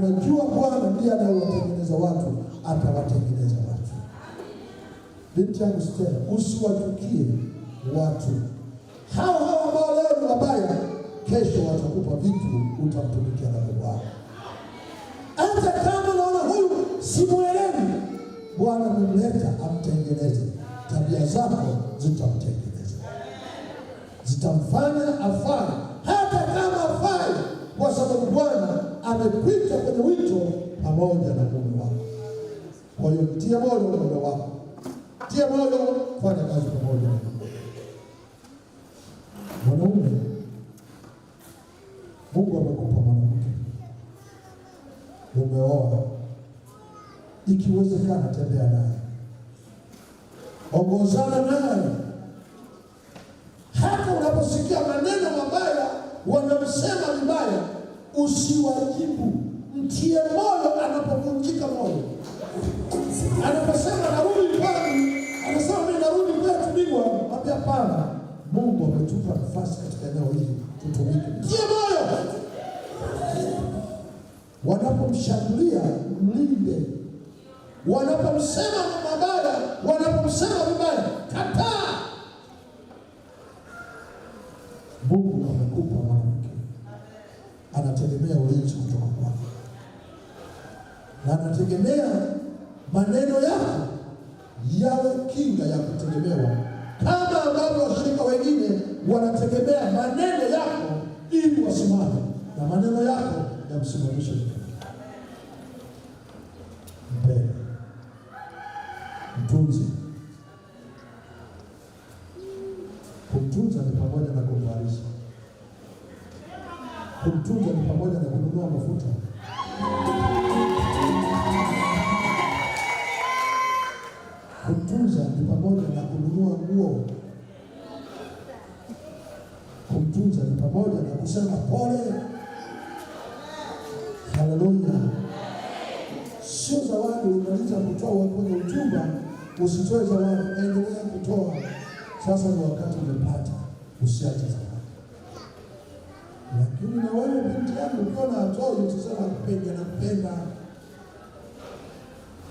tunajua Bwana ndiye anayewatengeneza watu, atawatengeneza watu. Binti yangu Stella, usiwachukie watu hawa hao ambao leo ni wabaya, kesho watakupa vitu utamtumikia na Mungu wako. Hata kama naona huyu simuelewi, Bwana mumleta amtengeneze. Tabia zako zitamtengeneza, zitamfanya afanye ni wito pamoja na mume wako. Kwa hiyo mtie moyo mume wako, tie moyo, fanya kazi pamoja. na Mwanaume, Mungu amekupa mwanamke, umeoa, ikiwezekana tembea naye, ongozana naye, hata unaposikia maneno mabaya wanamsema vibaya, usiwajibu mtie moyo anapovunjika moyo, anaposema narudi nyumbani, anasema mimi narudi kwa Bingwa, mwambie hapana, Mungu ametupa nafasi katika eneo hili tutumike. Mtie moyo, wanapomshambulia mlinde, wanapomsema mabaya, wanapomsema vibaya, kataa. Mungu amekupa mwanamke, anategemea ulinzi kutoka kwako na nategemea maneno yako yawe kinga ya kutegemewa, kama ambavyo washirika wengine wanategemea maneno yako ili wasimame, na maneno yako yamsimamishe mpenda mtunzi. Kumtunza ni pamoja na kumvalisha, kumtunza ni pamoja na kununua mafuta Kutunza ni pamoja na kununua nguo. Kumtunza ni pamoja na kusema pole. Haleluya! Sio zawadi umaliza kutoa kwenye uchumba, usitoe zawadi, endelea kutoa. Sasa ni wakati umepata, usiache zawadi. Lakini na wewe binti yangu, ukiona atoi, tusema kupenda na kupenda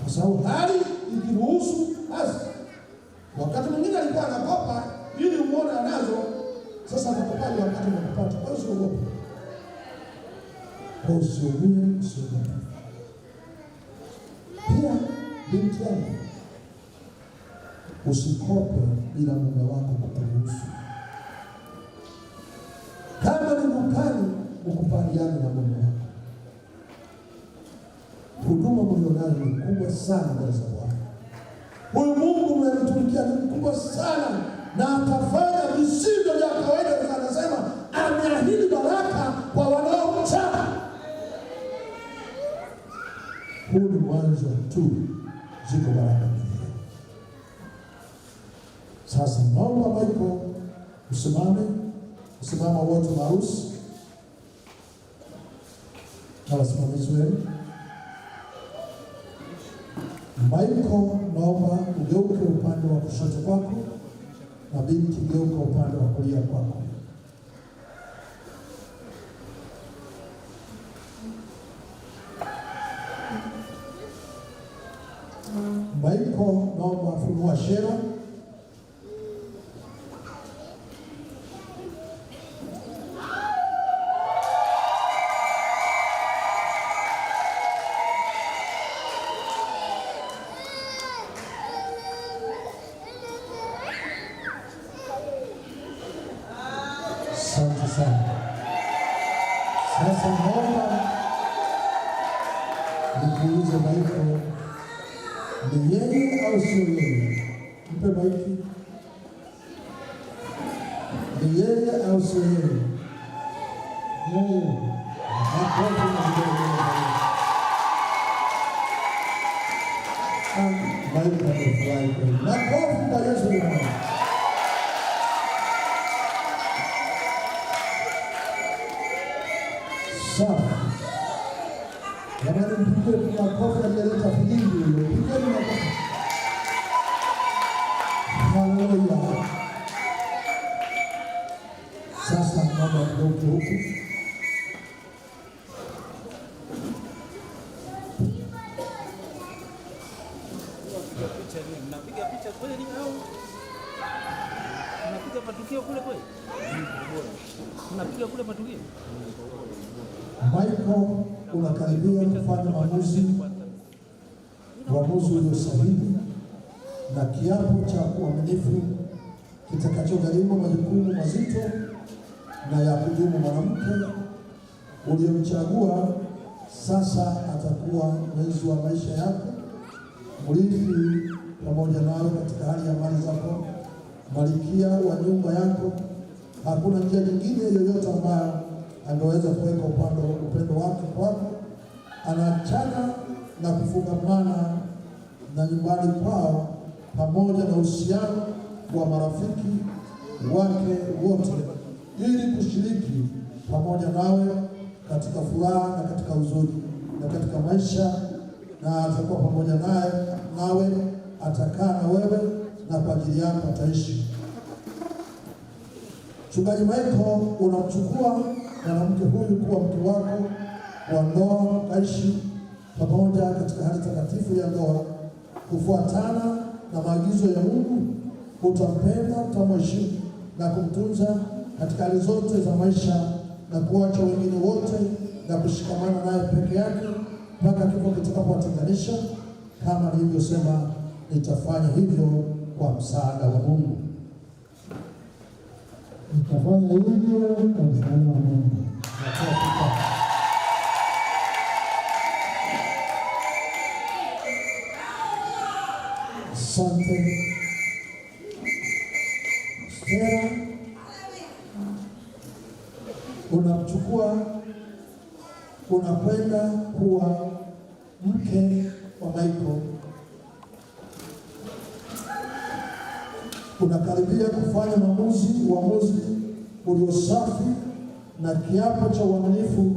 kwa sababu hali ikiruhusu. Basi wakati mwingine alikuwa anakopa ili umuone anazo, sasa anakopaje wakati unakupata? Kwa hiyo usiogope, kwa usiogope, usiogope. Pia binti yangu, usikope bila mume wako kukuruhusu. Kama ni mkali, ukubaliane na mume wako huduma mlionayo ni kubwa sana mbele za Bwana. Huyu Mungu mnamtumikia ni mkubwa sana na atafanya visivyo vya kawaida. Anasema ameahidi baraka kwa wanaomcha. Huu ni mwanzo tu, ziko baraka nyingine. Sasa naomba Michael usimame, usimama wote marusi na wasimamizi wenu ambaye uko, naomba ugeuke upande wa kushoto kwako, na binti geuka upande wa kulia kwako. Mbaiko naomba fungua shera Na Hallelujah. Ang bayan ng flight. Nag-off tayo Sasa mama mtoto huku mnapiga picha Michael, unakaribia kufanya maamuzi, uamuzi ulio sahihi na kiapo cha uaminifu kitakachogharimu majukumu mazito na ya kudumu. Mwanamke uliyemchagua sasa atakuwa mwenzi wa maisha yako, mrithi pamoja nawe katika hali ya mali zako, malikia wa nyumba yako. Hakuna njia nyingine yoyote ambayo angeweza kuweka upando upendo wake kwako. Anaachana na kufungamana na nyumbani kwao pamoja na uhusiano wa marafiki wake wote ili kushiriki pamoja nawe katika furaha na katika huzuni na katika maisha, na atakuwa pamoja naye nawe, atakaa na wewe na kwa ajili yako ataishi. Mchungaji Maiko, unamchukua mwanamke huyu kuwa mke wako wa ndoa, kaishi pamoja katika hali takatifu ya ndoa kufuatana na maagizo ya Mungu. Utampenda, utamheshimu na kumtunza katika hali zote za maisha na kuacha wengine wote na kushikamana naye peke yake mpaka kifo kitakapowatenganisha, kama nilivyosema, nitafanya hivyo kwa msaada wa Mungu. Nitafanya hivyo kwa msaada wa Mungu. Asante. unamchukua unakwenda kuwa mke wa Michael. Unakaribia kufanya maamuzi, uamuzi safi na kiapo cha uaminifu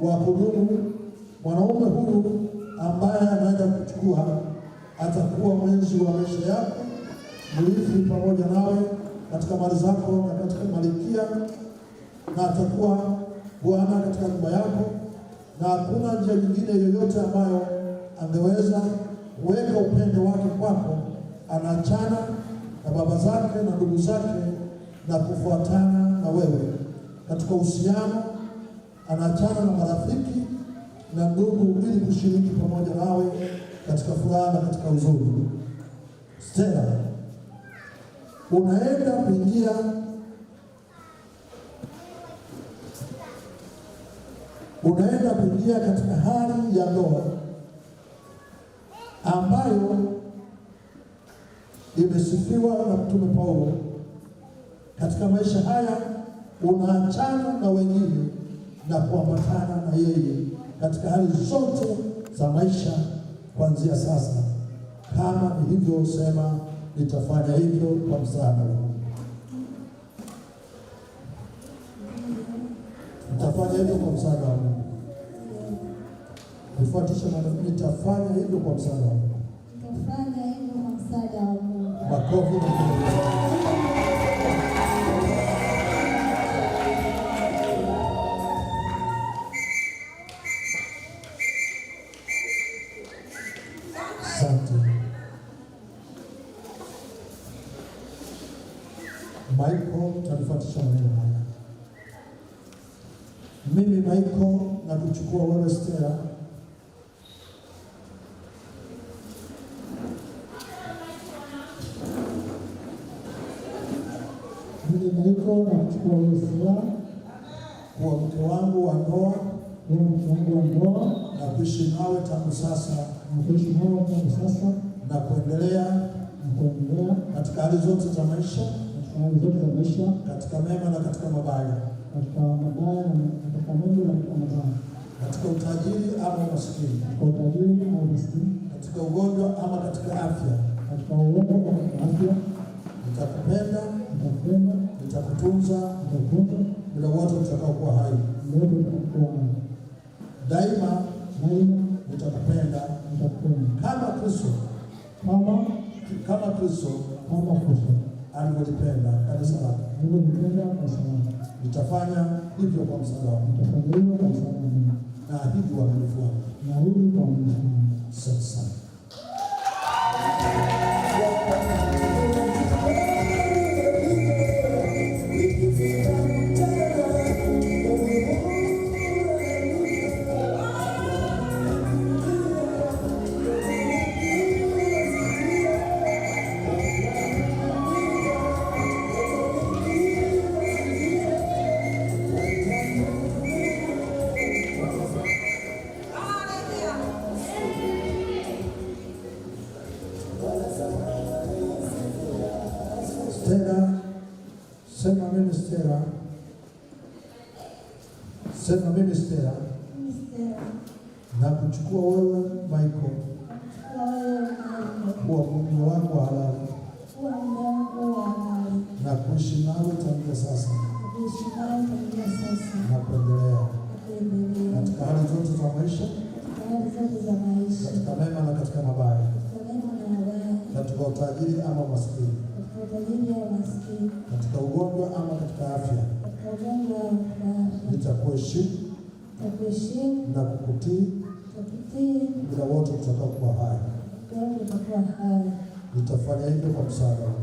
wa kudumu. Mwanaume huyu ambaye anaenda kuchukua atakuwa mwenzi wa maisha yako, mrithi pamoja nawe katika mali zako na katika mali na atakuwa Bwana katika nyumba yako, na hakuna njia nyingine yoyote ambayo angeweza kuweka upendo wake kwako. Anaachana na baba zake na ndugu zake na kufuatana na wewe katika uhusiano, anaachana na marafiki na ndugu ili kushiriki pamoja nawe katika furaha na katika uzuri. Stella, unaenda kuingia unaenda kuingia katika hali ya ndoa ambayo imesifiwa na Mtume Paulo. Katika maisha haya unaachana na wengine na kuambatana na yeye katika hali zote za maisha kuanzia sasa, kama nilivyosema nitafanya hivyo kwa msaada Mungu, nitafanya hivyo kwa msaada Mungu kufuatisha na nitafanya hivyo kwa msaada wa Mungu. na Asante. Michael, tutafuatisha maneno haya. Mimi nakuchukua wewe Stella kuchukua hiyo silaha kwa mke wangu wa ndoa, kwa mke wangu wa ndoa, na kuishi nawe tangu sasa, na kuishi nawe tangu sasa, na kuendelea, na kuendelea katika hali zote za maisha, katika hali zote za maisha, katika mema na katika mabaya, katika mabaya na katika mema na katika mabaya, katika utajiri ama umaskini, katika utajiri ama umaskini, katika ugonjwa ama katika afya, katika ugonjwa ama katika afya, nitakupenda, nitakupenda nitakutunza hukumu muda wote kuwa hai, daima nitakupenda kama Kristo kama Kristo alivyolipenda kanisa lake, nitafanya hivyo kwa msalaba na hivyo uaminifu wako. Sasa Sema mimi Stella, kuchukua wewe Michael kuwa mume wangu halali na kuishi nawe tangia sasa na kuendelea katika hali zote za maisha, katika mema na katika mabaya, katika utajiri ama maskini, katika ugonjwa ama katika afya Eh, nitakuheshimu na kukutii muda wote utakaokuwa hai. Nitafanya hivyo kwa msaada wako.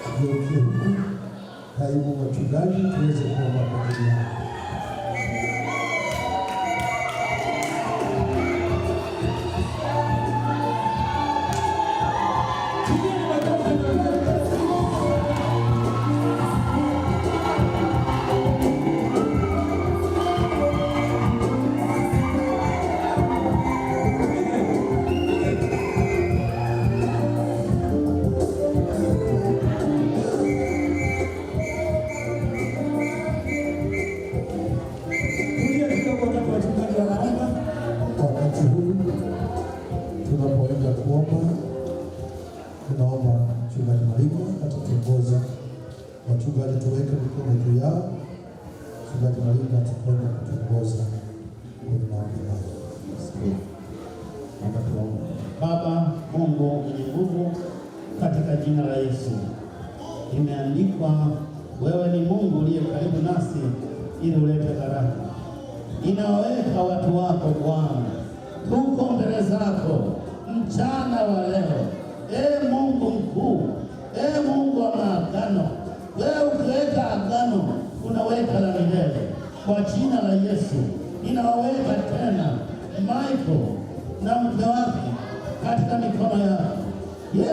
viongozi, kaimu wachungaji, tuweze kuomba pamoja. katika jina la Yesu. Imeandikwa, wewe ni Mungu uliye karibu nasi ili ulete baraka. Inaweka watu wako Bwana, tuko mbele zako mchana wa leo. Ee Mungu mkuu, ee Mungu wa maagano, wewe ukiweka agano unaweka la milele. Kwa jina la Yesu inaweka tena Michael na mke wake katika mikono yako.